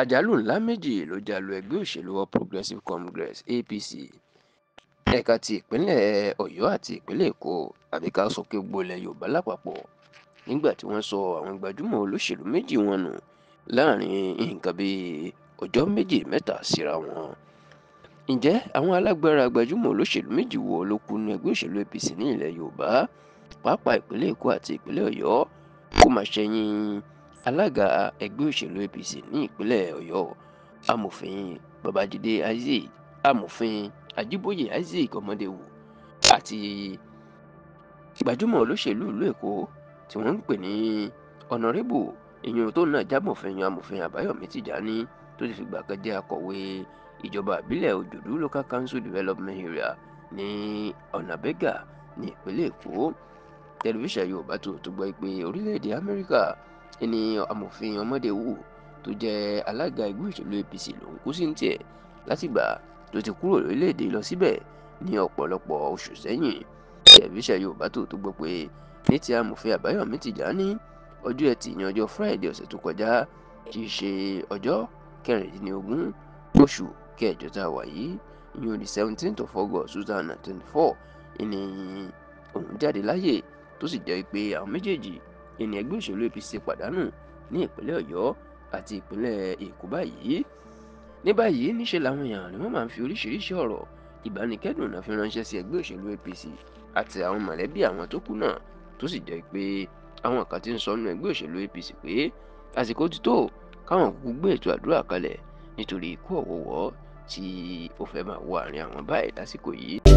àjálù ńlá méjì ló jálu ẹgbẹ́ òṣèlú all progressives congress apc ẹ̀ka ti ìpínlẹ̀ ọ̀yọ́ àti ìpínlẹ̀ èkó àbí ká sọ pé gbolẹ̀ yorùbá lápapọ̀ nígbà tí wọ́n sọ àwọn gbajúmọ̀ olóṣèlú méjì wọn nù láàrin nǹkan bíi ọjọ́ méjì mẹ́ta síra wọn ǹjẹ́ àwọn alágbára gbajúmọ̀ olóṣèlú méjì wo ló kú ẹgbẹ́ òṣèlú apc ní ilẹ̀ yorùbá pàápàá ìpínlẹ̀ èkó àti ìpínlẹ̀ ọ̀yọ́ kó máa ṣẹ̀yìn alága ẹgbẹ́ òṣèlú apc ní ìpínlẹ̀ ọ̀yọ́ amòfin babájídé isaac amòfin ajíbóyè isaac ọmọdéwù àti gbajúmọ̀ olóṣèlú ìlú èkó tí wọ́n ń pè ní ọ̀nàrẹ́bù ìyẹn tó náà jábọ̀fin yan amòfin àbáyọ̀mí tìjání tó ti fìgbà kan jẹ́ akọ̀wé ìjọba ìbílẹ̀ òjòdú local council development area ní ọ̀nàbẹ́gà ní ìpínlẹ̀ èkó tẹlifíṣàn yorùbá tó tó gbọ́ pé orílẹ̀-èdè amẹ́ríkà ẹni amòfin ọmọdéwù tó jẹ́ alága ìgbó ìṣèlú apc lòun kú sí tiẹ̀ látìgbà tó ti kúrò lórílẹ̀‐èdè lọ síbẹ̀ ní ọ̀pọ̀lọpọ̀ oṣù sẹ́yìn tẹ̀lifíṣàn yorùbá tó tó gbọ́ pé ní ti amòfin àbáyọ̀mí tìjàní ọjọ́ ẹtì ní ọjọ́ friday ọ̀sẹ̀ tó kọjá tí í ṣe ọjọ́ kẹrìndínlógún oṣù kẹjọ tá a wà yìí ìyẹn ní seventeenth of august two thousand and twenty-four ìní òun jáde láyé tó sì jẹ́ pé àwọn méjèèjì ìní ẹgbẹ́ òṣèlú APC pàdánù ní ìpínlẹ̀ Ọ̀yọ́ àti ìpínlẹ̀ Èkó báyìí ní báyìí níṣe làwọn èèyàn ni wọ́n máa ń fi oríṣiríṣi ọ̀rọ̀ ìbánikẹ́dùn náà fi ránṣẹ́ sí ẹgbẹ́ òṣèlú APC àti àwọn mọ̀lẹ́bí àwọn tó kú náà tó sì jẹ́ pé àwọn kan ti ń sọ nínú ẹgbẹ́ òṣèlú APC pé àsìkò ti tó káwọn kúkú gbé ètò àdúrà kalẹ̀ nítorí ikú ọ̀wọ̀wọ́ tí ó fẹ́ máa wọ àárín àwọn báyìí lásìkò yìí.